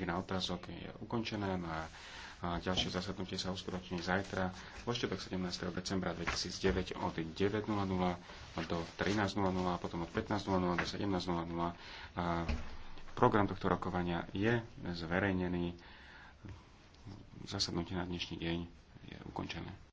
hodina otázok je ukončená no a ďalšie zasadnutie sa uskutoční zajtra vo štetok 17. decembra 2009 od 9.00 do 13.00 a potom od 15.00 do 17.00. Program tohto rokovania je zverejnený. Zasadnutie na dnešný deň je ukončené.